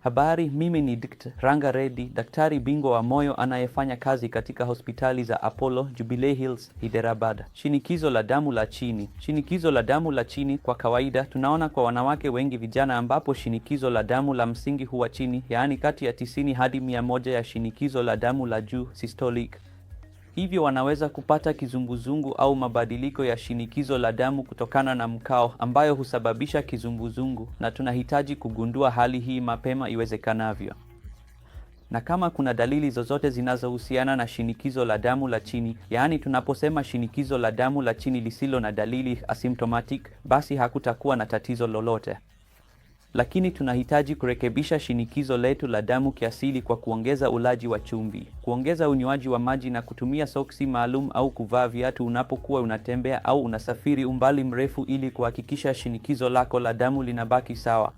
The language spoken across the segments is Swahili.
Habari, mimi ni Dkt. Ranga Reddy, daktari bingwa wa moyo anayefanya kazi katika hospitali za Apollo, Jubilee Hills, Hyderabad. Shinikizo la damu la chini. Shinikizo la damu la chini kwa kawaida tunaona kwa wanawake wengi vijana, ambapo shinikizo la damu la msingi huwa chini, yaani kati ya 90 hadi 1 ya shinikizo la damu la juu systolic hivyo wanaweza kupata kizunguzungu au mabadiliko ya shinikizo la damu kutokana na mkao ambayo husababisha kizunguzungu, na tunahitaji kugundua hali hii mapema iwezekanavyo. Na kama kuna dalili zozote zinazohusiana na shinikizo la damu la chini, yaani tunaposema shinikizo la damu la chini lisilo na dalili asymptomatic, basi hakutakuwa na tatizo lolote lakini tunahitaji kurekebisha shinikizo letu la damu kiasili kwa kuongeza ulaji wa chumvi, kuongeza unywaji wa maji na kutumia soksi maalum au kuvaa viatu unapokuwa unatembea au unasafiri umbali mrefu ili kuhakikisha shinikizo lako la damu linabaki sawa.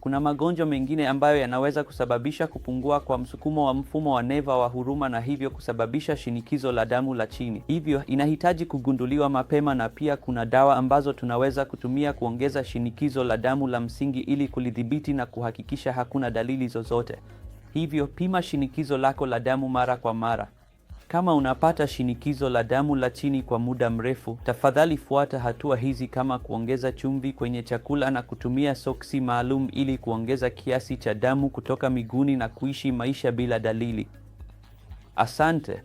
Kuna magonjwa mengine ambayo yanaweza kusababisha kupungua kwa msukumo wa mfumo wa neva wa huruma na hivyo kusababisha shinikizo la damu la chini. Hivyo inahitaji kugunduliwa mapema na pia kuna dawa ambazo tunaweza kutumia kuongeza shinikizo la damu la msingi ili kulidhibiti na kuhakikisha hakuna dalili zozote. Hivyo pima shinikizo lako la damu mara kwa mara. Kama unapata shinikizo la damu la chini kwa muda mrefu, tafadhali fuata hatua hizi kama kuongeza chumvi kwenye chakula na kutumia soksi maalum ili kuongeza kiasi cha damu kutoka miguuni na kuishi maisha bila dalili. Asante.